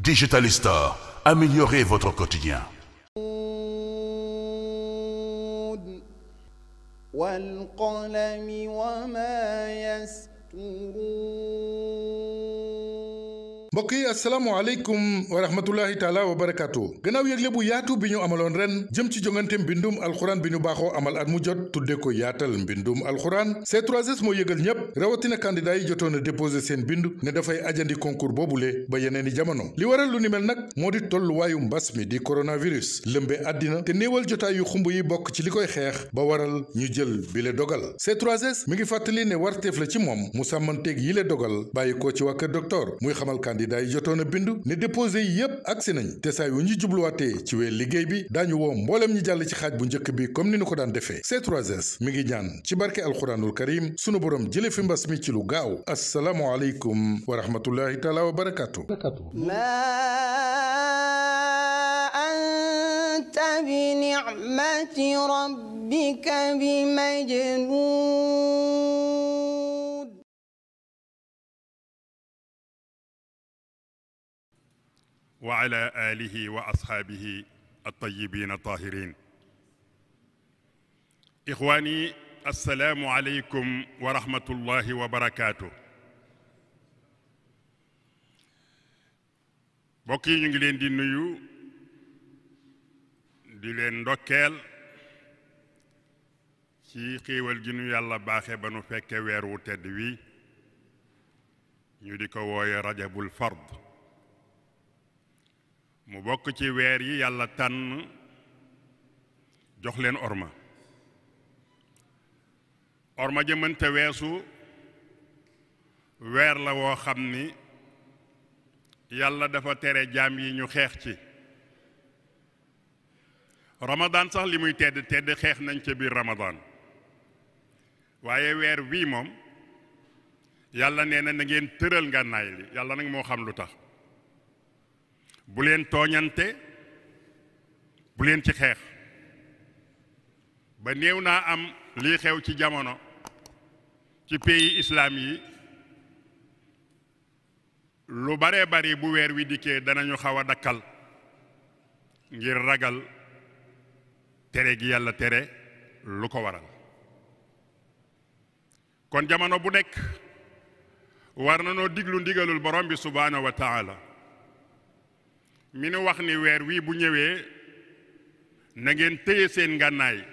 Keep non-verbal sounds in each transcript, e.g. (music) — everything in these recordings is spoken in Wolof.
Digital Store, améliorez votre quotidien. والقلم وما يسطرون mbokk yi asalaamaaleykum wa rahmatullahi taala wa barakaatu gannaaw yëgle bu yaatu bi ñu amaloon ren jëm ci jongante mbindum alxuraan bi ñu baaxoo amal at mu jot tudde ko yaatal mbindum alxuraan C3S moo yëgal ñépp rawatina candidat yi jotoon a déposé seen bind ne dafay ajandi concours boobule ba yeneen i jamono li waral lu ni mel nag moo di tolluwaayu mbas mi di coronavirus lëmbe àddina te néewal jotaay yu xumb yi bokk ci li koy xeex ba waral ñu jël bile dogal C3S mi ngi fàttali ne warteef la ci moom mu sàmmanteeg yile dogal bàyyi ci waa kër docteur xamal candidat candidat yi jotoon a bindu ne déposé yi yépp agsi nañ te saa yu ñu jubluwaatee ci weer liggéey bi daañu woo mbooleem ñi jàll ci xaaj bu njëkk bi comme ni ñu ko daan defee c ngi ñaan ci barke alxuraanul karim sunu borom jële fi mbas mi ci lu gaaw asalaamualeykum wa rahmatullahi taala wa barakaatu anta bi ni'mati rabbika bi majnun wa ala alihi wa ashaabihi altayibiin altahirin ixwaani alsalaamu aleykum wa rahmatullahi wa mbokk yi ñu ngi leen di nuyu di leen ndokkeel ci xéewal gi nu yàlla baaxe ba nu fekke weer wu tedd wi ñu di ko wooye rajabul fard mu bokk ci weer yi yàlla tànn jox leen orma orma ja mënta weesu weer la woo xam ni yàlla dafa tere jaam yi ñu xeex ci ramadaan sax li muy tedd tedd xeex nañ ca biir ramadaan waaye weer wii moom yàlla nee na na ngeen tëral ngànnaay li yàlla nag moo xam lu tax bu leen tooñante bu leen ci xeex ba néew naa am lii xew ci jamono ci pays islaam yi lu baree bari bu weer wi dikkee danañu xaw a dakkal ngir ragal tere gi yàlla tere lu ko waral kon jamono bu nekk war na noo diglu ndigalul borom bi subhaanahu wa taala mi nu wax ni weer wii bu ñëwee na ngeen téye seen gànnaay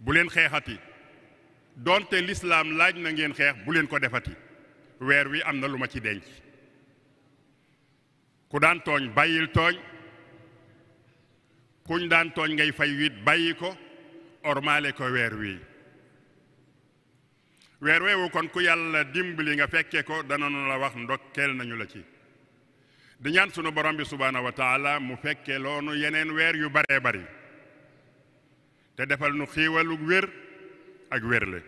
bu leen xeexati doonte lislaam laaj na ngeen xeex bu leen ko defati weer wi am na lu ma ci denc ku daan tooñ bàyyil tooñ kuñ daan tooñ ngay fay wit bàyyi ko ormaale ko weer wi weer weewu kon ku yàlla dimbali nga fekke ko dana nu la wax ndokkeel nañu la ci di ñaan sunu borom bi subhaanahu wa taala mu fekke loonu yeneen weer yu baree bari te defal nu xiiwalu wér ak wérle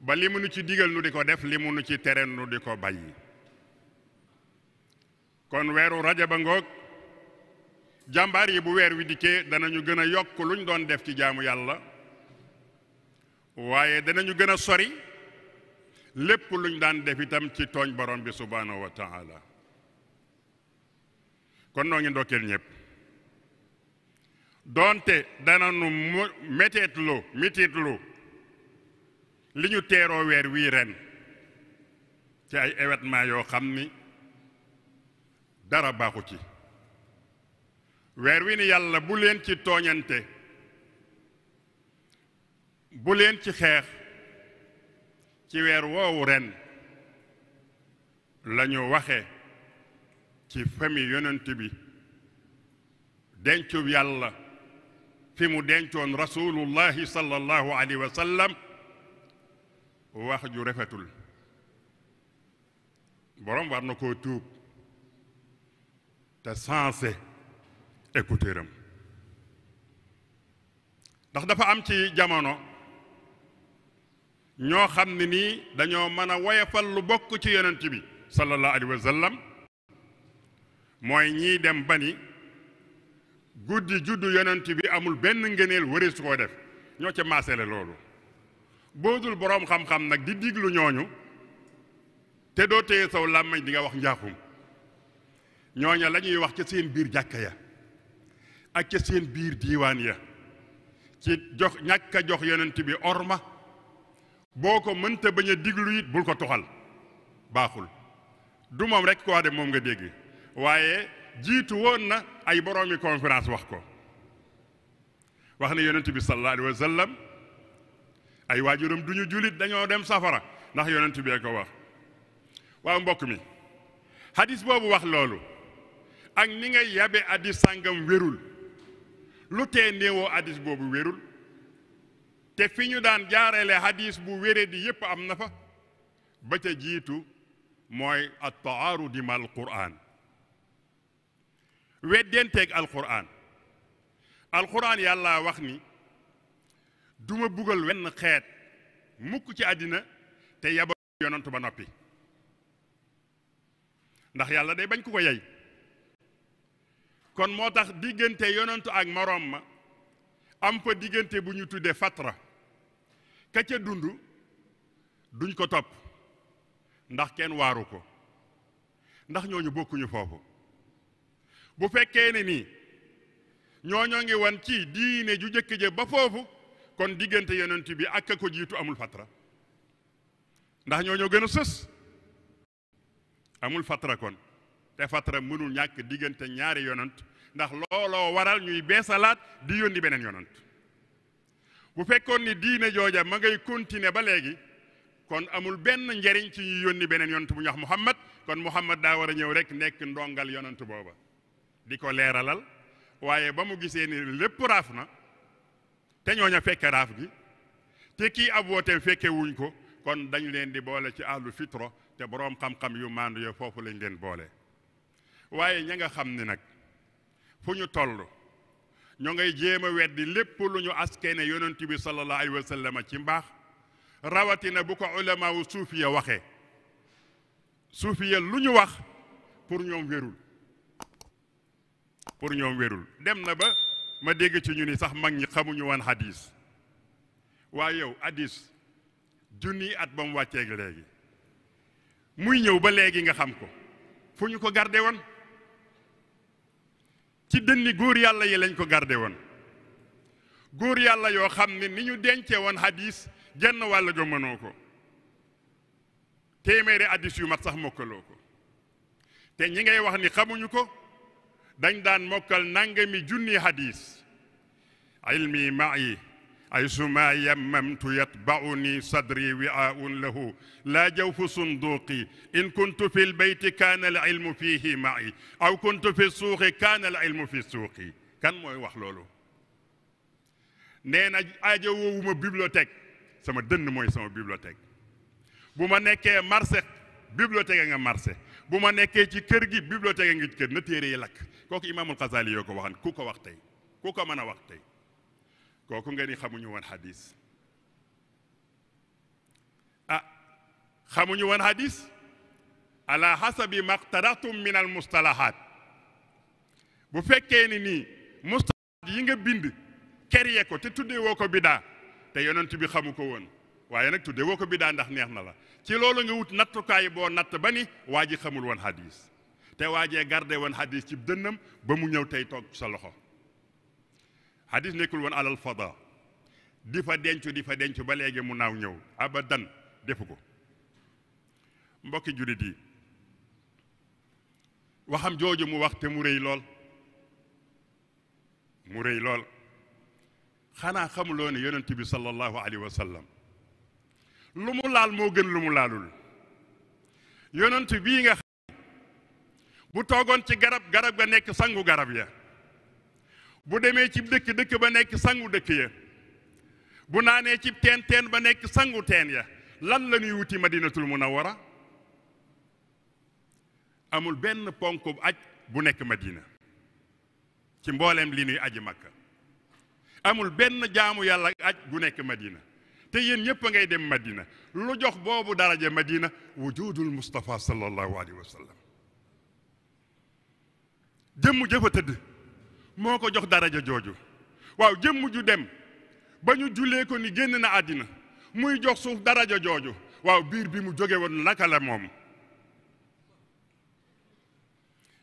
ba li mu ci digal nu di ko def li mu nu ci tere nu di ko bàyyi kon weeru rajaba ngoog jàmbaar yi bu weer wi dikkee danañu gën a yokk lu luñ doon def ci jaamu yàlla waaye danañu gën a sori lépp luñ daan def itam ci tooñ borom bi subhaanahu wa taala kon noo ngi ndokkeel ñëpp doonte dana nu mu méteetlu li ñu teeroo weer wii ren ci ay événement yoo xam ni dara baaxu ci weer wi ni yàlla bu leen ci tooñante bu leen ci xeex ci weer woowu ren la ñu waxe ci famille yonent bi dencu yàlla fi mu dencoon rasulullahi sallallahu alayhi wa sallam wax ju rafetul borom war na koo tuub te sensé écouteur ndax dafa am ci jamono ñoo xam ne nii dañoo mën a woyafal lu bokk ci yonent bi sallallahu alayhi wa sallam mooy ñiy dem ba ni guddi juddu yonent bi amul benn ngëneel wërees su koo def ñoo ca maasele loolu boo boroom xam-xam nag di diglu ñooñu te doo téye saw làmmañ di nga wax njaaxum ñooña la ñuy wax ca seen biir jàkka ya ak ca seen biir diiwaan ya ci jox ñàkk jox yonent bi orma boo ko mënta bañ a diglu it bul ko toxal baaxul du moom rek ko wax de moom nga dégg waaye jiitu woon na ay boroomi conférence wax ko wax ne yonent bi sallallahu alayhi wa ay waajuram duñu julit dañoo dem safara ndax yonent bee ko wax waaw mbokk mi hadis boobu wax loolu ak ni nga yabe hadis sàngam wérul lu tee néewoo hadis boobu wérul te fi ñu daan jaareele hadis bu wéré di yépp am na fa ba ca jiitu mooy at taarudi mal quraan weddenteeg alquran alquran yàlla wax ni duma bugal wenn xeet mukk ci àddina te yaba yonantu ba noppi ndax yàlla day bañ ku ko yey kon moo tax diggante yonantu ak morom ma am fa diggante bu ñu tuddee fatra ka ca dund duñ ko topp ndax kenn waaru ko ndax ñooñu bokkuñu foofu bu fekkee ne nii ñoo ngi wan ci diine ju jëkk je ba foofu kon diggante yonent bi ak ko jiitu amul fatra ndax ñoo gën a sës amul fatra kon te fatra mënul ñàkk diggante ñaari yonent ndax looloo waral ñuy beesalaat di yónni beneen yonent bu fekkoon ni diine jooja ma ngay continuer ba léegi kon amul benn njariñ ci ñuy yónni beneen yonent bu ñax wax Muhammad kon Muhammad daa war a ñëw rek nekk ndongal yonent booba di ko leeralal waaye ba mu gisee nii lépp raaf na te ñooña fekke raaf gi te kii ab wooteem fekke ko kon dañ leen di boole ci ahlu fitro te boroom xam-xam yu maandu yo foofu lañ leen boole waaye ña nga xam ni nag fu ñu tollu ñoo ngay jéem a weddi lépp lu ñu askene yonent bi sallallahu alayhi wa sallam ci mbaax rawatina bu ko ulamaawu suufiya waxee suufiya lu ñu wax pour ñoom wérul pour ñoom wérul dem na ba ma dégg ci ñu ni sax mag ñi xamuñu woon hadis waaye yow hadis junni at ba mu wàcceeg léegi muy ñëw ba léegi nga xam ko fu ñu ko garde woon ci dënni góor yàlla yi lañ ko garde woon góor yàlla yoo xam ne ni ñu dencee woon hadis genn wàll ga mënoo ko téeméeri hadis yu mag sax mokkaloo ko te ñi ngay wax ni xamuñu ko dañ daan mokkal nangami junni hadis ilmi ma'i ay suma yammamtu yatba'uni sadri wi'aa'un lahu laa jawfu sunduqi in kuntu fi lbeyti kaana alilmu fihi ma'i aw kuntu fi suuqi kaana alilmu fi suuqi kan mooy wax loolu nee na aajowoowuma bibliothèque sama dënn mooy sama bibliothèque bu ma nekkee marché bibliothèque nga marché bu ma nekkee ci kër gi bibliothèque nga ci kër na téere yi lakk kooku imaamul Xasaali yoo ko waxan ku ko wax tey ku ko mën a wax tey kooku nga ni xamuñu woon xadis ah xamuñu woon xadis ala xasabi maqtaratum min al bu fekkee ni nii mustalahaat yi nga bind ker ko te tuddee woo ko bidaa te yonent bi xamu ko woon waaye nag tuddee woo ko bidaa ndax neex na la ci loolu nga wut nattukaay boo natt ba ni waa ji xamul woon xadis te waajee garde woon xadis ci dënnam ba mu ñëw tey toog sa loxo xadis nekkul woon alal fada di fa dencu di fa dencu ba léegi mu naaw ñëw abadan defu ko mbokki jullit waxam jooju mu wax te mu rëy lool mu rëy lool xanaa xamuloo ne yonent bi sallallahu alayhi wa sallam lu mu laal moo gën lu mu laalul bu toogoon ci garab garab ga nekk sangu garab ya bu demee ci dëkk dëkk ba nekk sangu dëkk ya bu naanee ci teen teen ba nekk sangu teen ya lan la ñuy wuti madinatul munawwara amul benn ponk bu aj bu nekk madina ci mbooleem li ñuy aji makka amul benn jaamu yàlla aj bu nekk madina te yéen ñëpp a ngay dem madina lu jox boobu daraja madina wujudul mustapha sallallahu alayhi wa sallam jëmm jëfa tëdd moo ko jox daraja jooju waaw jëmm ju dem ba ñu jullee ni génn na àddina muy jox suuf daraja jooju waaw biir bi mu jóge woon naka la moom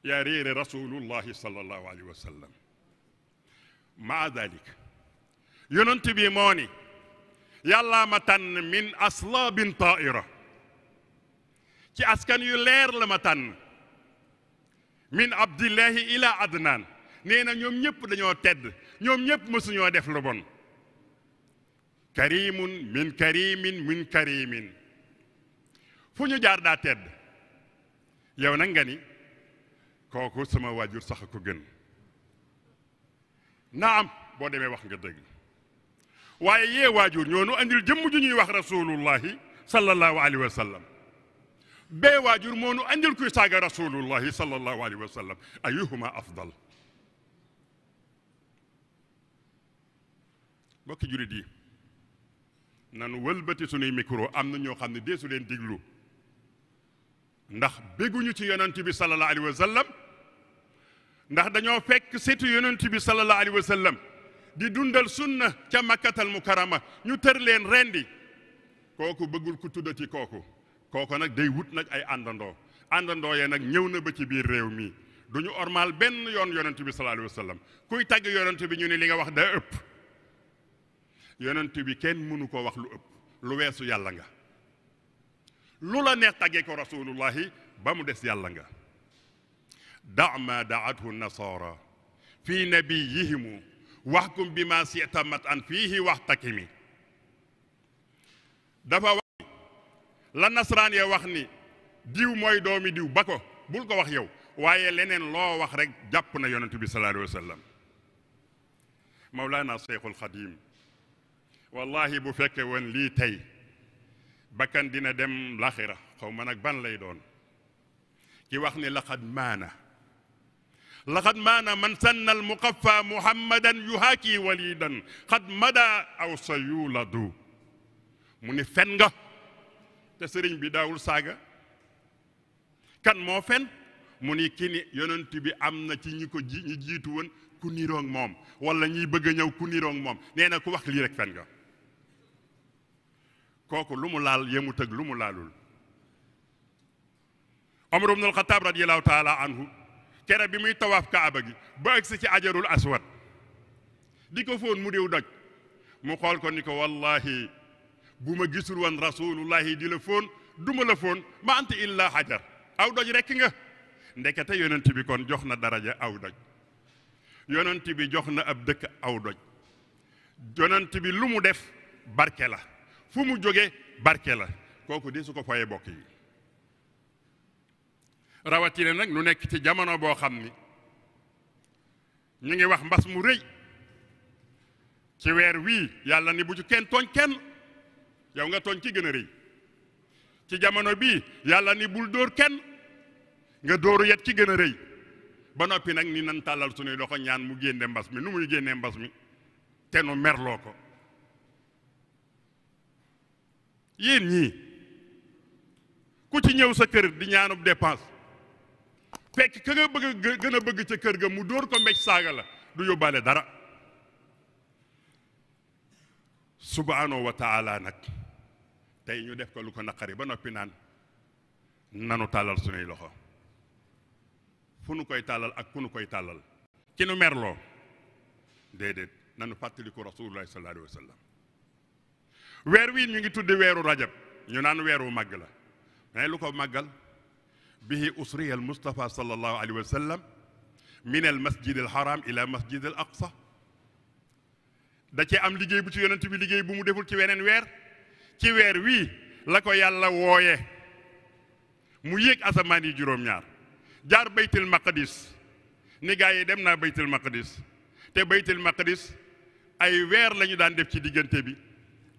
yaa réere rasulullahi sallallahu alayhi wa sallam maa dalik yonent bi moo ni ma tànn min aslaabin taa'ira ci askan yu leer la ma tànn min abdillahi ila adnaan nee na ñoom ñëpp dañoo tedd ñoom ñëpp mësuñoo def lu bon karimun min karimin min karimin fu ñu jaar daa tedd yow nag nga ni kooku sama waajur sax a ko gën naam boo demee wax nga dëgg waaye yee waajur ñoo nu andil jëmm ju ñuy wax rasulullahi sallallahu alayhi wa sallam bee waajur moo nu andil kuy saaga rasulullahi sallallahu alayhi wa sallam ayuhuma afdal mbokki jurit yi nanu wëlbati sunuy micro am na ñoo xam ne deesu leen diglu ndax bégguñu ci yonent bi sallallahu alayhi wa sallam ndax dañoo fekk setu yonent bi sallallahu alayhi wa sallam di dundal sunna ca makkatal mukarama ñu tër leen rendi kooku bëggul ku tuddati kooku kooko nag day wut nag ay àndandoo àndandoo yee nag ñëw na ba ci biir réew mi du ñu ormaal benn yoon yonent bi sallallahu alayhi wa kuy tàgg yonent bi ñu ne li nga wax daa ëpp yonent bi kenn mënu ko wax lu ëpp lu weesu yàlla nga lu la neex tàggee ko rasulullahi ba mu des yàlla nga da ma daathu nasara fi nabiyihimu waxkum bi ma sitamat an fiihi wax takimi dafa la nasaraan ya wax ni diw mooy doomi diw bako ko bul ko wax yow waaye leneen loo wax rek jàpp na yonent bi sallallahu alayhi wa sallam mawlaana seyxul xadim wallahi bu fekkee woon lii tey bakkan dina dem laxira xaw ma ban lay doon ki wax ni laqad maana laqad maana man sanna al muqaffa muhammadan yuhaaki walidan xad mada aw sa yuladu mu ni fen nga te sëriñ bi daawul saaga kan moo fen mu ni ki ni yonent bi am na ci ñi ko ji jiitu woon ku niroog moom walla ñiy bëgg a ñëw ku niroog moom nee na ku wax lii rek fen nga kooku lu mu laal mu tëg lu mu laalul Omar ibn al-Khattab radiyallahu taala anhu kere bi muy tawaaf kaaba gi ba agsi ci ajarul aswad di ko fóon mu déw doj mu xool ko ni ko wallahi bu ma gisul woon rasulullahi di la foon duma ma la foon ma anta illa hajar aw doj rekk nga ndekete yonent bi kon jox na daraja aw doj yonent bi jox na ab dëkk aw doj yonent bi lu mu def barke la fu mu jóge barke la kooku di su ko foye bokk yi rawatina nag nu nekk ci jamono boo xam ni ñu ngi wax mbas mu rëy ci weer wii yàlla ni bu ci kenn tooñ kenn yow nga tooñ ci gën a rëy ci jamono bii yàlla ni bul dóor kenn nga dóoru yet ci gën a rëy ba noppi nag ni na tàllal suñuy loxo ñaan mu génne mbas mi nu muy génnee mbas mi te nu merloo ko yéen ñii ku ci ñëw sa kër di ñaanub dépense fekk ka nga bëgg a bëgg ca kër ga mu dóor ko mbéj saaga la du yóbbaale dara subhaanahu wa taala nag tey ñu def ko lu ko naqari ba noppi naan nanu tàllal suñuy loxo fu nu koy tàllal ak ku nu koy tàllal ki nu merloo déedéet nanu fàttaliku rasulullah sallallahu alayhi wa weer wii ñu ngi tudde weeru rajab ñu naan weer wu màgg la mais lu ko màggal bihi usriya al mustafa sallallahu alayhi wa sallam min al masjid al haram ila masjid al da cee am liggéey bu ci yonent bi liggéey bu mu deful ci weneen weer ci weer wii la ko yàlla wooye mu yéeg asamaan yi juróom-ñaar jaar baytil maqdis ni gaa yi dem naa baytil maqdis te baytil maqdis ay weer la ñu daan def ci diggante bi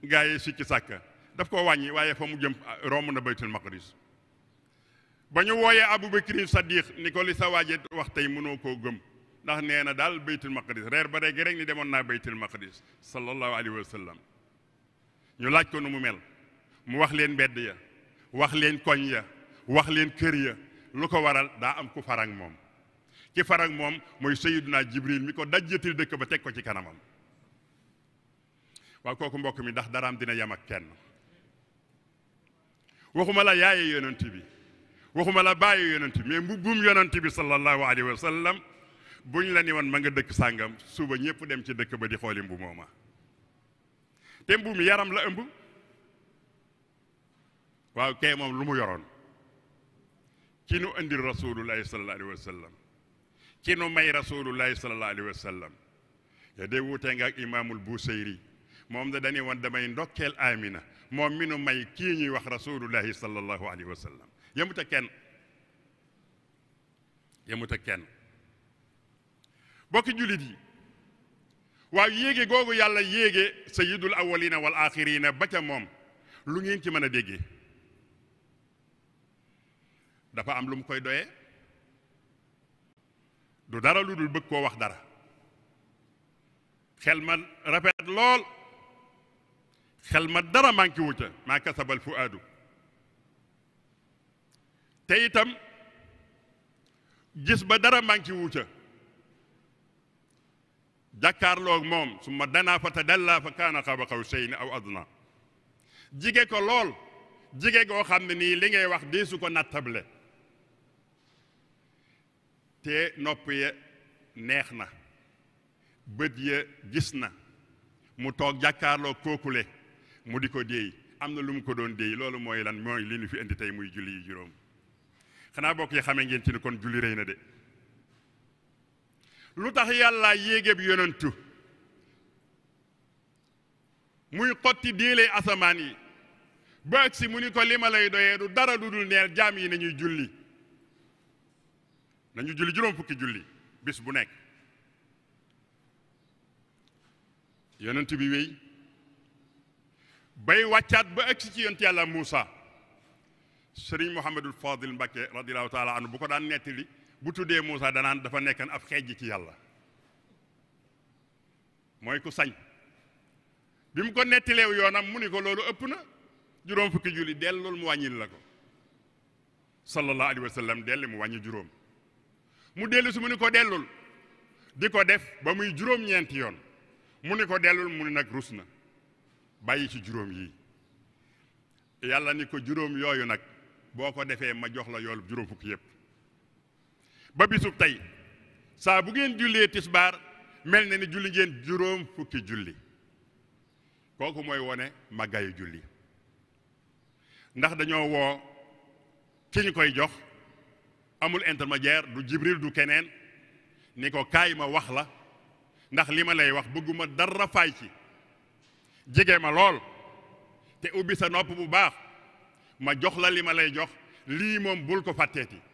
gaa yi ci sàkka daf ko wàññi waaye fa mu jëm ah, romb na baytul maqdis ba ñu wooyee aboubacrine sadiq ni ko li sa waaje wax tey mënoo koo gëm ndax nee na daal baytul maqdis reer ba rek rek ni demoon naa baytul maqdis sallallahu alayhi wa sallam ñu laaj ko nu mu mel mu wax leen mbedd ya wax leen koñ ya wax leen kër ya lu ko waral daa am ku farang moom ki farang moom mooy Sayyiduna Jibril mi ko dajjatil dëkk ba teg ko ci kanamam waaw kooku mbokk mi ndax daraam dina yem ak kenn waxuma la yaaye yonent bi waxuma la bàyyi yonent bi mais mbubbum yonent bi sallallahu alayhi wa sallam buñ la ne woon ma nga dëkk sàngam suba ñëpp dem ci dëkk ba di xooli mbu mooma te mbuum yaram la ëmb waaw kay moom lu mu yoroon ki nu indil rasulullahi sallallahu alayhi wa sallam ci nu may rasulullahi sallallahu alayhi wa sallam ya de wuutee nga ak imaamul moom da dañuy woon damay ndokkeel Amina moom mi nu may kii ñuy wax rasulullahi sallallahu alayhi wa sallam yemuta kenn yemuta kenn bokki jullit yi waaw yéege googu yàlla yéege sayyidul awwalina wal axirina ba ca moom lu ngeen ci mën a déggee dafa am lu mu koy doyee du dara lu dul bëgg koo wax dara xel ma rafet lool xel ma dara manqué ca maa kasabal fuaadu te itam gis ba dara manqué ca jàkkaarloog moom su ma danaa fa te dallaa fa kaana xaba xaw seyni aw adna jige ko lool jige goo xam ne nii li ngay wax di su ko nattable te nopp ya neex na bët ya gis na mu toog jàkkaarloo kookule mu di ko déey am na lu mu ko doon déey loolu mooy lan mooy li ñu fi indi tey muy julli yi juróom xanaa bokk yi xamee ngeen ci ne kon julli rëy na de lu tax yàlla yéegéb yonentu muy xotti déelee asamaan yi ba agsi mu ni ko li ma lay du dara du dul neel jaam yi nañuy julli nañu julli juróom fukki julli bis bu nekk yonent bi wéy bay wàccaat ba agsi ci yonent yàlla Muusa sëriñ Mouhamadul Fadil Mbakke radiallahu taala anu bu ko daan nettali bu tuddee Moussa danaan dafa nekkan ab xeej ci yàlla mooy ku sañ bi mu ko nettileew yoonam mu ni ko loolu ëpp na juróom fukki julli del mu wàññil la ko sallallahu alayhi wa sallam delli mu wàññi juróom mu dellu si mu ni ko dellul di ko def ba muy juróom-ñeenti yoon mu ni ko dellul mu ni nag rus na bàyyi ci juróom yii yàlla ni ko juróom yooyu nag boo ko defee ma jox la yoolu juróom fukki yëpp ba bisub tey saa bu ngeen jullee tisbaar mel na ni julli ngeen juróom fukki julli kooku mooy wone màggaayu julli ndax dañoo woo ci ñu koy jox amul intermédiaire du jibril du keneen ni ko kaay ma wax la ndax li ma lay wax bëgguma dara faay ci jege ma lool te ubbi sa nopp bu baax ma jox la li ma lay jox lii moom bul ko fàtteeti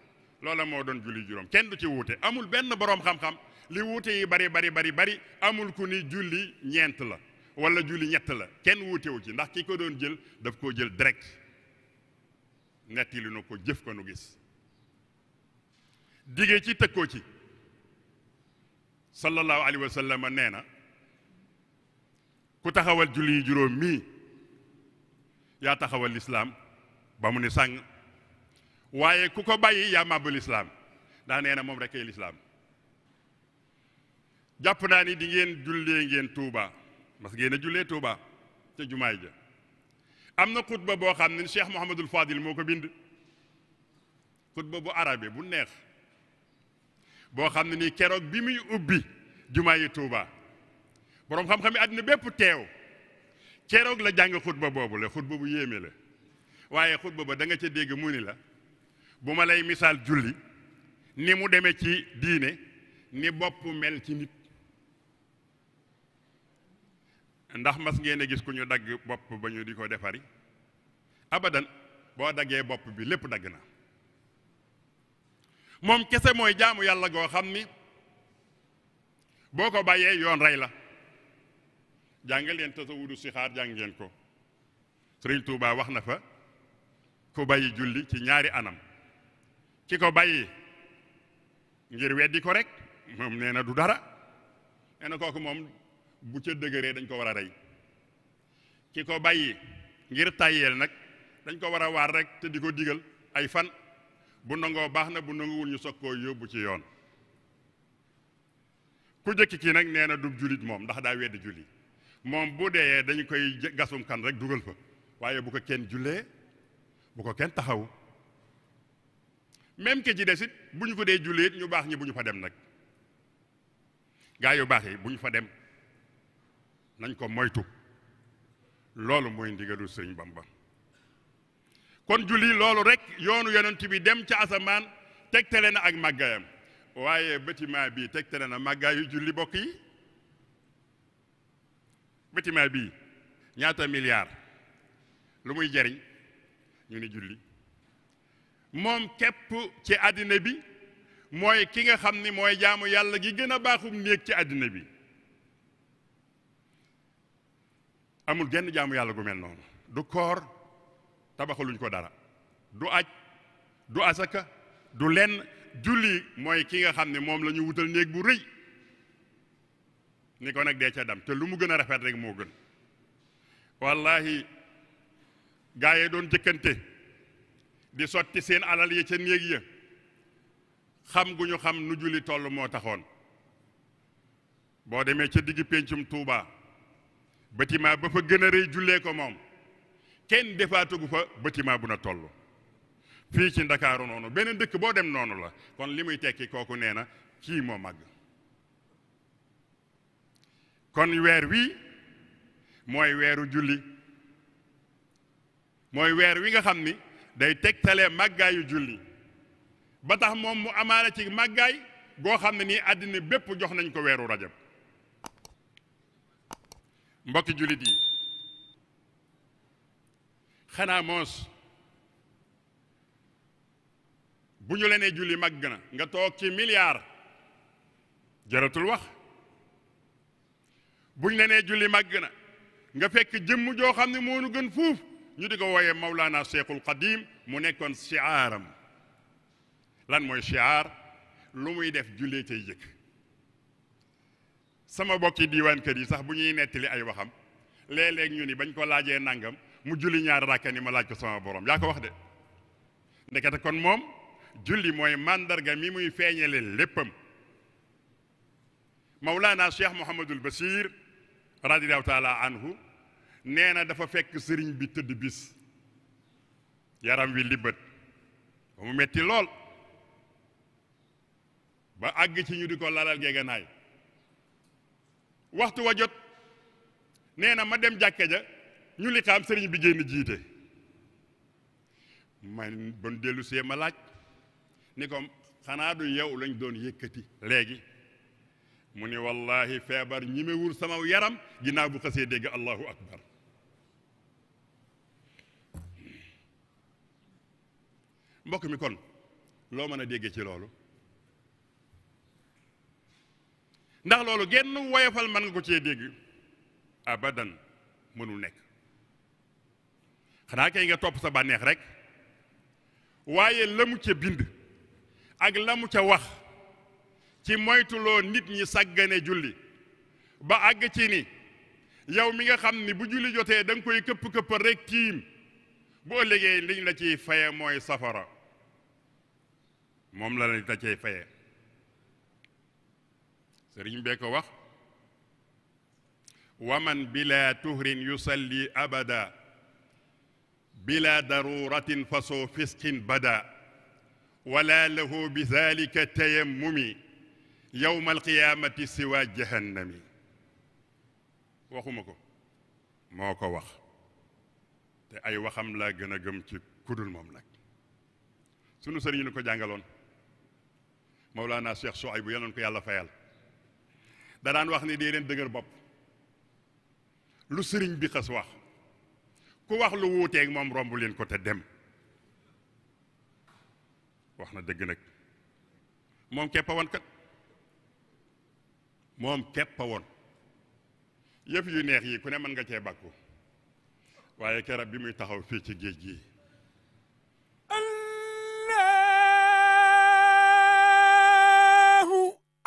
loola moo doon julli juróom kenn du ci wuute amul benn boroom xam-xam li wuute yi bari bari bari bari amul ku ni julli ñeent la wala julli ñett la kenn wuutewu ci ndax ki ko doon jël daf koo jël direct netti lu nu ko jëf ko nu gis digee ci tëkkoo ci sallallahu alayhi wa sallam nee na ku taxawal julli juróom mii yaa taxawal lislaam ba mu ne sàng waaye ku ko bàyyi yaa màbbu lislaam daa nee na moom rekk ay lislaam jàpp naa ni di ngeen jullee ngeen tuuba mas ngeen a jullee tuuba ca jumaay ja am na xutba boo xam ne cheikh mohamadul fadil moo ko bind xutba bu arabe bu neex boo xam ne ni keroog bi muy ubbi jumaa yi tuuba boroom xam-xam yi àddina bépp teew keroog la jàng xutba boobu la xutba bu yéeme la waaye xutba ba da nga ca dégg mu ni la bu ma lay misaal julli ni mu demee ci diine ni bopp mel ci nit ndax mas ngeen a gis ku ñu dagg bopp ba ñu di ko defari abadan boo daggee bopp bi lépp dagg na moom kese mooy jaamu yàlla goo xam ni boo ko bàyyee yoon rey la jàng leen tasawudu si xaar jàng ko Sëriñ tuuba wax na fa ku bàyyi julli ci ñaari anam ki ko bàyyi ngir weddi ko rek moom nee na du dara nee na kooku moom bu ca dëgëree dañ ko war a rey ki ko bàyyi ngir tàyyeel nag dañ ko war a waar rek te di ko digal ay fan bu nangoo baax na bu nanguwul ñu soog koo yóbbu ci yoon ku jëkk ki nag nee na du jullit moom ndax daa weddi julli moom bu dee dañu koy gasum kan rek dugal fa waaye bu ko kenn jullee bu ko kenn taxaw même que ci desit bu ñu ko dee jullit ñu baax ñi bu ñu fa dem nag gaa yu baax yi bu ñu fa dem nañ ko moytu loolu mooy ndigalul sëñ Bamba kon julli loolu rek yoonu yonent bi dem ca asamaan tegtale na ak màggayam waaye bâtiment bii tegtale na màggaayu julli bokk yi bâtiment bii ñaata milliar lu muy jariñ ñu ni julli moom képp ci àddina bi mooy ki nga xam ni mooy jaamu yàlla gi gën a baaxum néeg ci àddina bi amul genn jaamu yàlla gu mel noonu du koor tabaxaluñ ko dara du aj du asaka du lenn julli mooy ki nga xam ne moom lañu wutal néeg bu rëy ni ko nag dee ca dam te lu mu gën a rafet rek moo gën wallahi gaa doon jëkkante di sotti seen alal ya ca néeg ya xam gu ñu xam nu julli toll moo taxoon boo demee ca digg péncum tuuba bâtiment ba fa gën a rëy jullee ko moom kenn defaatugu fa bâtiment bu na toll fii ci ndakaaru noonu beneen dëkk boo dem noonu la kon li muy tekki kooku nee na kii moo màgg kon weer wi mooy weeru julli mooy weer wi nga xam ni day tegtalee màggaayu julli ba tax moom mu amaale ci màggaay goo xam ne nii àddina bépp jox nañ ko weeru rajab mbokki jullit yi xanaa moos bu ñu lenee julli màgg na nga toog ci milliard jaratul wax bu ñu lenee julli màgg na nga fekk jëmm joo xam ne moonu gën fuuf ñu di ko wooyee Mawlana Cheikhul Qadim mu nekkoon chiaaram lan mooy chiaar lu muy def jullee cay jëkk sama bokki diiwaan kër yi sax bu ñuy nettali ay waxam léeg-léeg ñu ni bañ ko laajee nangam mu julli ñaari rakka ni ma laaj ko sama borom yaa ko wax de ndekete kon moom julli mooy màndarga mi muy feeñale léppam Mawlana Cheikh Mouhamadul Basir radiallahu taala anhu nee na dafa fekk sëriñ bi tëdd bis yaram wi libët ba mu metti lool ba àgg ci ñu di ko lalal geeganaay waxtu wa jot nee na ma dem jàkka ja ñu li sëriñ bi génn jiite man ba nu dellu ma laaj ni ko xanaa du yow lañ doon yëkkati léegi mu ne wallahi feebar ñi sama yaram ginnaaw bu xasee dégg allahu akbar mbokk mi kon loo mën a déggee ci loolu ndax loolu genn woyofal mën nga ko cee dégg abadan mënul nekk xanaa kay nga topp sa bànneex rek waaye la mu ca bind ak la mu ca wax ci moytuloo nit ñi sàggane julli ba àgg ci ni yow mi nga xam ni bu julli jotee da koy këpp-këppal rek tiim boo ëllëgee liñ la ciy faye mooy safara moom la lañ dacey faye sëriñ bee ko wax waman bila tuhrin yusalli abada bila daruratin fasoo fisqin bada wala lahu bi zalika tayammumi yowma alqiyamati siwa jahannami waxuma ko moo ko wax te ay waxam laa gën a gëm ci kudul moom nag sunu sëriñ ñu ko jàngaloon laa Mawlana Cheikh Souhaïbou bu na ko yàlla fayal da daan wax ni dee leen dëgër bopp lu sëriñ bi xas wax ku wax lu wuuteeg moom romb leen ko te dem wax na dëgg nag moom keppa woon kat moom keppa woon yëf yu neex yi ku ne mën nga cee bàkku waaye keroog bi muy taxaw fii ci géej gi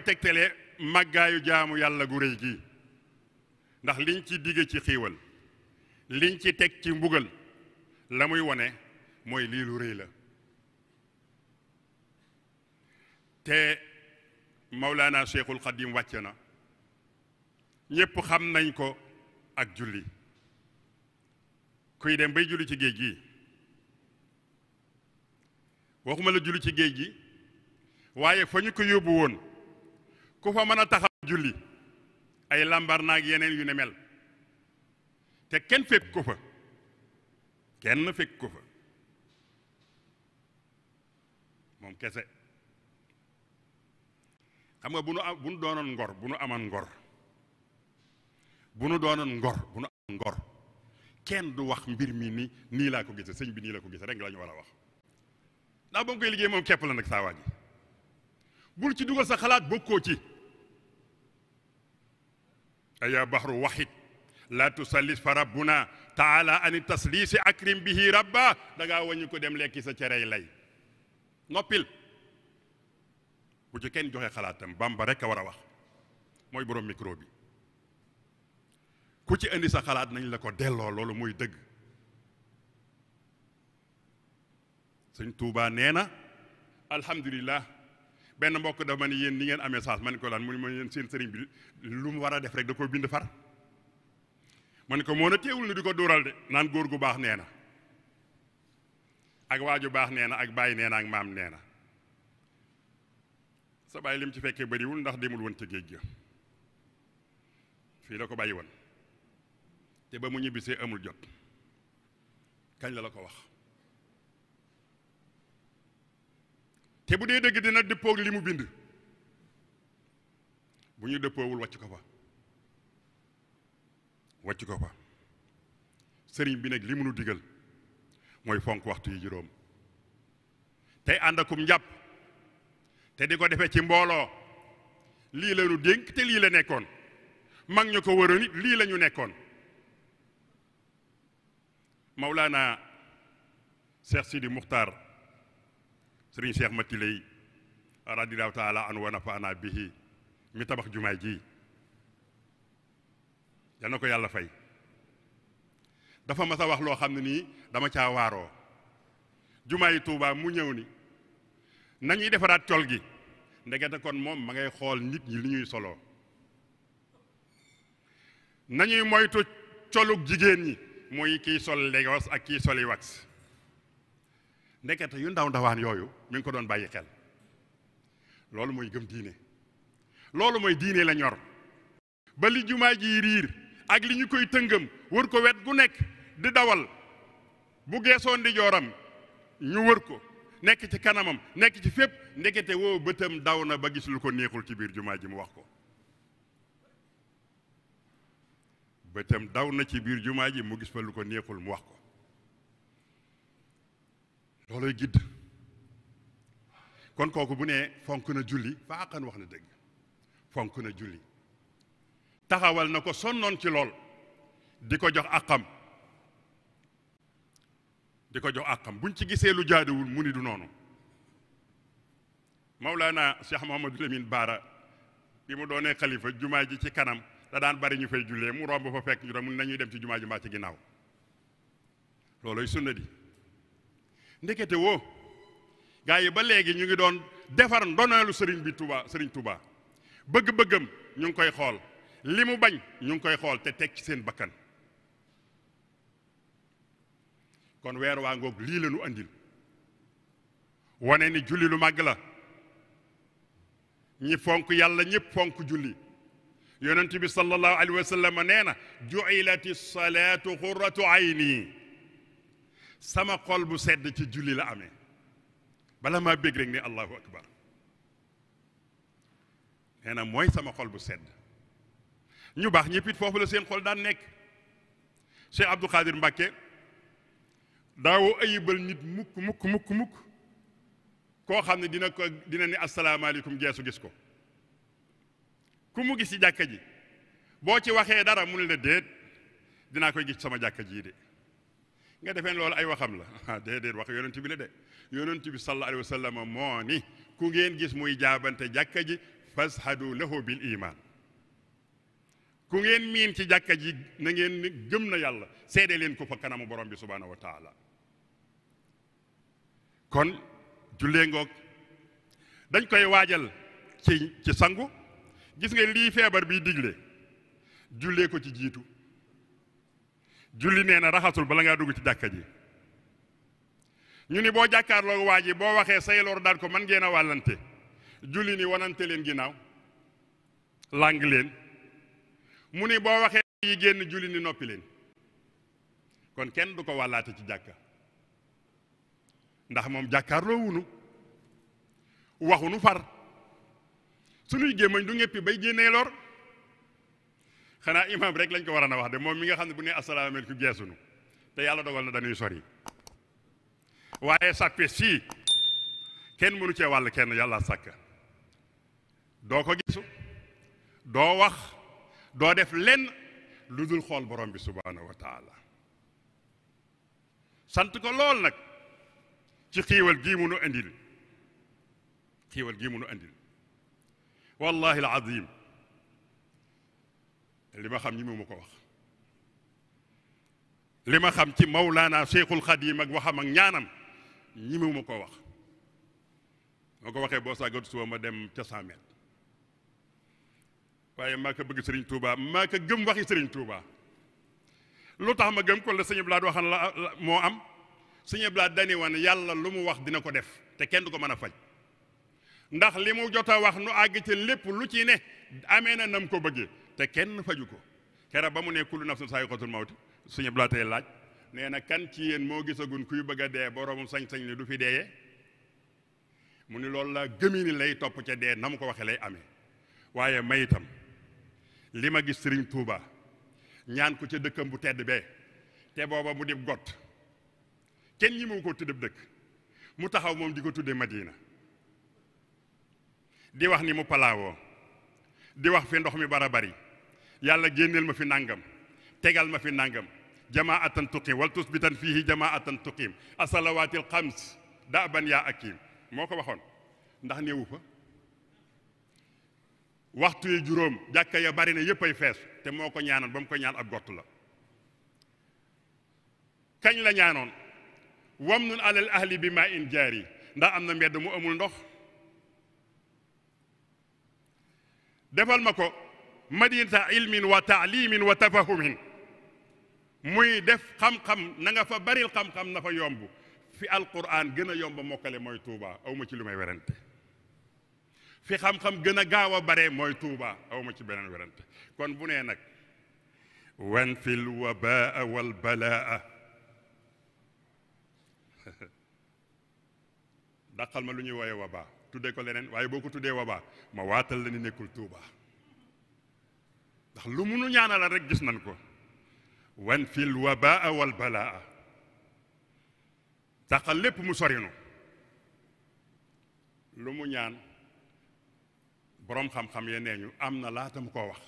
koy tegtalee màggaayu jaamu yàlla gu rëy gii ndax liñ ci digge ci xiiwal liñ ci teg ci mbugal la muy wone mooy lii lu rëy la te Mawlana Cheikhul Khadim wàcc na ñépp xam nañ ko ak julli kuy dem bay julli ci géej gi waxuma la julli ci géej gi waaye fa ñu ko yóbbu woon ku fa mën a taxaw julli ay lambar naag yeneen yu ne mel te kenn fekk ko fa kenn fekk ko fa moom kese xam nga bu nu bu doonoon ngor bu nu amoon ngor bu nu doonoon ngor bu nu amoon kenn du wax mbir mi ni nii laa ko gise sëñ bi nii la ko gise rek la ñu war a wax ndax ba mu koy liggéey moom képp la nag saa waaj bul ci dugal sa xalaat bokkoo ci aya bahru wahid la tusallis fa rabbuna taala ani taslisi akrim bihi rabba da ngaa wañu ko dem lekki sa cerey lay noppil bu ci kenn joxe xalaatam bamba rek a war a wax mooy borom micro bi ku ci indi sa xalaat nañ la ko delloo loolu muy dëgg sëñ Tuubaa nee na alhamdulillah benn mbokk dafa ma ne yéen ni ngeen amee saas ma ne ko lan mu ne ma yéen seen sëriñ bi lu mu war a def rek da ko bind far ma ne ko moo na teewul ni di ko dóoral de naan góor gu baax nee na ak waaju baax nee na ak bàyyi nee na ak maam nee na sa bàyyi lim ci fekkee bariwul ndax demul woon ca géej ga fii la ko bàyyi woon te ba mu ñibbisee amul jot kañ la la ko wax te bu dee dëgg dina dëppoog li mu bind bu ñu dëppoowul wacc ko fa wàcc ko fa sëriñ bi nag li munu digal mooy fonk waxtu yi juróom tey àndakum akum njàpp te di ko defee ci mbooloo lii la dénk te lii la nekkoon mag ñu ko waroon it lii la ñu nekkoon Mawlaana Cheikh Sidi Muxtaar ma sëriñ Cheikh Matiley radiyallahu taala an wa nafaana bihi mi tabax jumaay ji yal na ko yàlla fay dafa mas a wax loo xam ne nii dama caa waaroo jumaa yi Tuubaa mu ñëw ni nañuy defaraat col gi ndegete kon moom ma ngay xool nit ñi li ñuy soloo nañuy moytu colug jigéen ñi muy kiy sol legos ak kiy soli wax ndekete yu ndaw ndawaan yooyu mi ngi ko doon bàyyi xel loolu mooy gëm diine loolu mooy diine la ñor ba li jumaa ji riir ak li ñu koy tëngam wër ko wet gu nekk di dawal bu geesoo ndijooram ñu wër ko nekk ci kanamam nekk ci fépp ndekete woo bëtam daw na ba gis lu ko neexul ci biir jumaa ji mu wax ko bëtam daw na ci biir jumaa ji mu gis fa lu ko neexul mu wax ko looloy gidd kon kooku bu ne fonk na julli faaqan wax na dëgg fonk na julli taxawal na ko sonnoon ci lool di ko jox àqam di ko jox àqam buñ ci gisee lu jaaduwul mu ni du noonu Mawlaana Cheikh Mouhamadou Lamine Baara bi mu doonee xalifa jumaa ji ci kanam da daan bari ñu fay jullee mu romb fa fekk ñu doon nañuy dem ci jumaa ji mbaa ci ginnaaw looloy sunna di ndekete woo gaa yi ba léegi ñu ngi doon defar ndoneelu sëriñ bi tubaa sëriñ Touba bëgg-bëggam ñu ngi koy xool li mu bañ ñu ngi koy xool te teg ci seen bakkan kon weer waa ngoog lii la ñu andil wane ni julli lu màgg la ñi fonk yàlla ñëpp fonk julli yonent bi sallallahu alayhi nee na ju'ilati salaatu qurratu ayni sama xol bu sedd ci julli la amee bala maa bég rek ne allahu akbar nee na mooy sama xol bu sedd ñu baax ñëpp it foofu la seen xol daan nekk Cheikh Abdou Khadir Mbacke daawoo ayibal nit mukk mukk mukk mukk koo xam ne dina ko dina ne asalaamaaleykum geesu gis ko ku mu gis ci jàkka ji boo ci waxee dara mu ne la déet dinaa koy gis sama jàkka jii de nga defeen loolu ay waxam la (laughs) ah déedéet wax yonent bi la de yonent bi sallallahu alayhi wa sallam moo ni ku ngeen gis muy jaabante jàkka ji fashadu lahu bil iman ku ngeen miin ci jàkka ji na ngeen gëm na yàlla seede leen ko fa kanamu borom bi subhanahu wa taala kon jullee ngoog dañ koy waajal ci ci sangu gis nga lii feebar bii digle jullee ko ci jiitu julli nee na raxasul bala ngaa dugg ci jàkka ji ñu ni boo jàkkaarloo waa ji boo waxee say lor daan ko man ngeen wàllante julli ni wanante leen ginnaaw làng leen mu ni boo waxee yi génn julli ni noppi leen kon kenn du ko wàllaate ci jàkka ndax moom jàkkaarloo wunu waxunu far suñuy gémmañ du ñëppi bay génnee lor xanaa imaam rek lañ ko war a wax de moom mi nga xam ne bu ne asalaamaaleykum geesunu te yàlla dogal na dañuy sori waaye sàppe sii kenn mënu cee wàll kenn yàlla sàkk doo ko gisu doo wax doo def lenn lu dul xool borom bi subhaanahu wa taala sant ko lool nag ci xiiwal gii munu andil xiiwal gii munu andil wallahi alazim li ma xam ñi ko wax li ma xam ci Mawlaana Cheikhul yi mag waxam ak ñaanam ñimewuma mu ko wax moo ko waxee boo sàggat suba ma dem ca Samet waaye maa ko bëgg Serigne Touba maa ko gëm waxi Serigne Touba lu tax ma gëm ko la sëñ Blaat waxan la moo am sëñ laa dani yàlla lu mu wax dina ko def te kenn du ko mën a faj ndax li mu jot wax nu àgg ci lépp lu ci ne amee na nam ko bëggee te kenn faju ko kera ba mu ne kullu nafsin saa'iqatul mawti suñu blaatee laaj nee na kan ci yéen moo gisagun kuy bëgg a dee boroomam sañ-sañ ni du fi deeyee mu ni loolu la gëmi ni lay topp ca dee na mu ko waxee lay amee waaye may li ma gis Sëriñ Tuuba ñaan ko ca dëkkam bu tedd bee te booba mu dib gott kenn ñi mu ko tuddeb dëkk mu taxaw moom di ko tudde diina di wax ni mu palaawoo di wax fi ndox mi bara bari yàlla génneel ma fi nangam tegal ma fi nangam jamaatan tuqim wal tusbitan fiihi jamaatan tuqim asalawaatil xams daaban yaa akim moo ko waxoon ndax néewu fa waxtu yi juróom jàkka ya bari na yëpp ay fees te moo ko ñaanoon ba mu ko ñaan ab gott la kañ la ñaanoon wam nun alal ahli bi maa in jaari ndax am na mbedd mu amul ndox defal ma ko madinata ilmin wa taalimin wa tafahumin muy def xam nanga fa bari xam-xam na fa yomb fi alquran gën a yomb mokkale mooy aw ma ci lu may werante fi xam-xam gën a gaaw a bare mooy tuuba ma ci beneen werante kon bu nee nag wan fil wabaa wal balaa (laughs) dàqal ma lu ñuy wooye wabaa tuddee ko lenen waaye boo ko tuddee wabaa ma waatal la ni nekkul tuuba ndax lu munu ñaanala rek gis nañ ko wan fil wabaa wal balaa taxal lépp mu sorinu lu mu ñaan boroom xam-xam ye nee ñu am na laata mu koo wax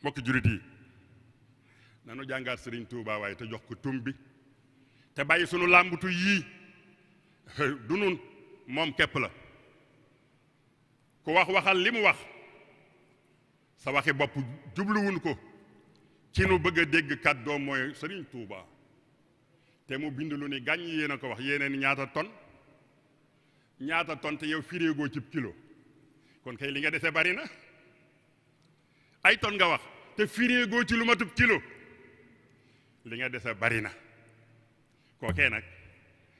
mbokki jurit yi nanu jàngaat sëriñ Tuubaa waaye te jox ko tum bi te bàyyi sunu làmbutu yii (laughs) du nun moom képp la ku wax waxal li mu wax sa waxe bopp jubluwun ko ci nu bëgg a dégg kàddoom mooy Sëriñ Tuuba te mu bind lu ni gàññ yéen a ko wax yéeneen ñaata ton ñaata ton te yow firéegoo cib kilo kon kay li nga dese bari na ay ton nga wax te firéegoo ci lu kilo li nga dese bari na kookee nag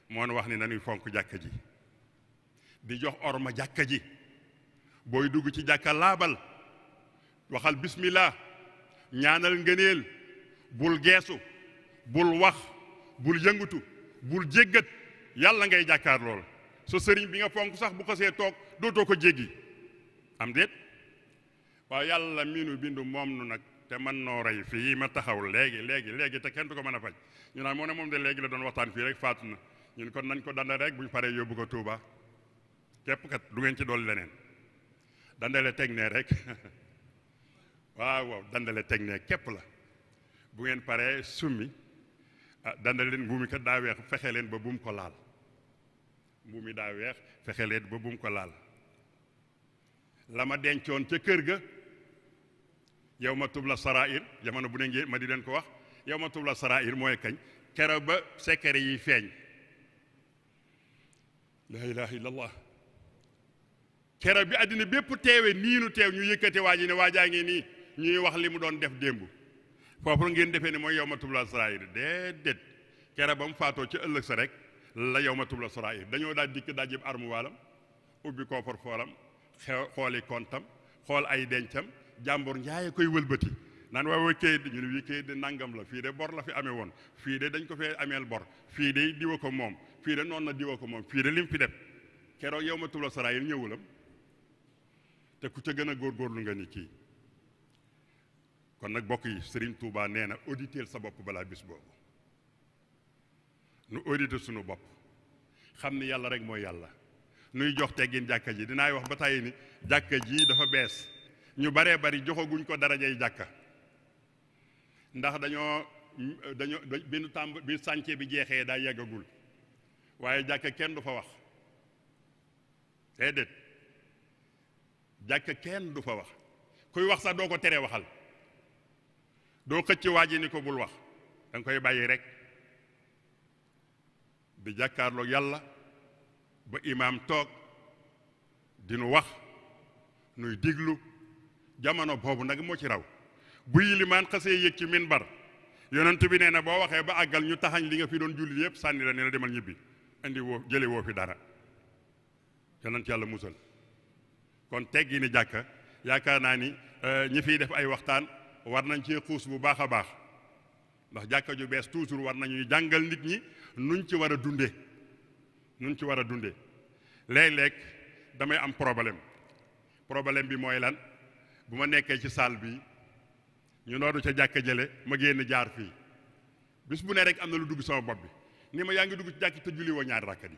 moon wax ni nañuy fonk jàkka ji di jox orma jàkka ji booy dugg ci jàkka laabal waxal bismillah ñaanal ngëneel bul geesu bul wax bul yëngutu bul jéggat yàlla ngay jàkkaar lool sa sëriñ bi nga fonk sax bu xasee toog dootoo ko jéggi am déet waaw yàlla miinu bindu moom nu nag te man noo rey fii ma taxaw léegi léegi léegi te kenn du ko mën a faj ñu naan moo ne moom de léegi la doon waxtaan fii rek faatu na ñu ni ko nañ ko danda rek ñu paree yóbbu ko Touba képp kat du ngeen ci dolli leneen dandale teg ne rek (laughs) waaw waaw dandale teg ne képp la bu ngeen paree summi ah dandale leen mbuumi kat daa weex fexe leen ba buum ko laal mbuumi daa weex fexe leen ba buum ko laal la ma dencoon ca kër ga yow ma tub la sarair jamono bu ne ngeen ma di leen ko wax yow ma tub la sarair mooy kañ kero ba secret yi feeñ laa ilaha illallah kero bi àddina bépp teewe niinu teew ñu yëkkate waa yi ne waajaa ngi nii ñuy wax li mu doon def démb foofu la ngeen defee ni mooy yow ma tubla sarair déedéet kere ba mu faatoo ci ëllëg sa rek la yow ma tubla sarair dañoo daal dikk daal jëb armu waalam ubbi koofar foolam xew xooli kontam xool ay dencam jàmbur njaaye koy wëlbati naan waaw waaw kayit nangam la fii de bor la fi amee woon fii de dañ ko fee ameel bor fii de diwa ko moom fii de noonu na diwa ko moom fii de lim fi def keroog yow ma tubla sarair ñëwulam te ku ca gën a góor nga ni kii kon nag bokk yi sëriñ tuubaa nee na auditeel sa bopp balaa bis boobu nu audité sunu bopp xam ni yàlla rek mooy yàlla nuy jox teggin jàkka ji dinaay wax ba tàyyi ni jàkka ji dafa bees ñu baree bari joxaguñ ko darajay jàkka ndax dañoo dañoo bi nu tàmb bi sànce bi jeexee daa yeggagul waaye jàkka kenn du fa wax déedéet jàkka kenn du fa wax kuy wax sax doo ko teree waxal doo xëcc waa ji ni ko bul wax da koy bàyyi rek di jàkkaarloog yàlla ba imaam toog dinu wax nuy diglu jamono boobu nag moo ci raw bu yilimaan xasee yëg ci minbar yonent bi nee na boo waxee ba àggal ñu taxañ li nga fi doon jullit yëpp sànni la ne la demal ñibbi indi woo jële woo fi dara yonent yàlla musal kon teggi ni jàkka yaakaar naa ni eh, ñi fiy def ay waxtaan war nañ cee xuus bu baax a baax ndax jàkka ju bees toujours war nañuy jàngal nit ñi nuñ ci war a dunde nuñ ci war a dunde léeg-léeg damay am problème problème bi mooy lan bu ma nekkee ci salle bi ñu noodu ca jàkka jële ma génn jaar fii bis bu ne rek am na lu dugg sama bopp bi ni ma yaa ngi dugg ci jàkk te julli woo ñaari rakkat yi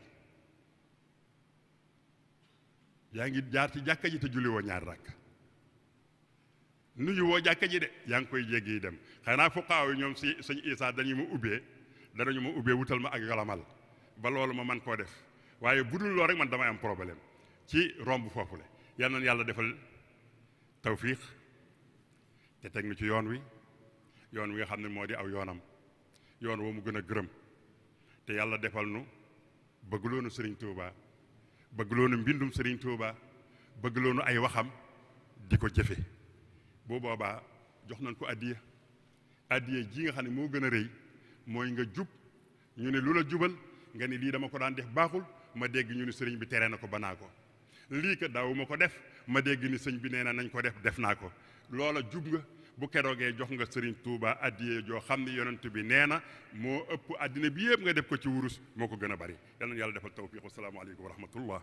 yaa ngi jaar ci jàkka ji te julli woo ñaari rakk nuyu woo jàkka ji de yaa ngi koy jéggi dem xanaa fuqaaw yi ñoom si sëñ Isaa dañu ma ubbee danañu ma ubbee wutal ma ak yolamal ba loolu ma man koo def waaye bu dul loolu rek man damay am problème ci romb foofu le yal na yàlla defal tawfiix te teg nu ci yoon wi yoon wi nga xam ne moo di aw yoonam yoon woo mu gën a gërëm te yàlla defal nu bëggloonu sëriñ Touba bëggloonu mbindum sëriñ Touba bëggloonu ay waxam di ko jëfe bu boobaa jox nañ ko addiya addiya ji nga xam ne moo gën a rëy mooy nga jub ñu ne lu la jubal nga ne lii dama ko daan def baaxul ma dégg ñu ne sëriñ bi tere na ko ba naa ko lii ka daawu ma ko def ma dégg ni sëñ bi nee na nañ ko def def naa ko loola jub nga bu keroogee jox nga sëriñ Touba addiye joo xam ne yonent bi nee na moo ëpp àddina bi yëpp nga def ko ci wurus moo ko gën a bari yal na yàlla defal tawfiq wa salaamu aleykum wa rahmatullah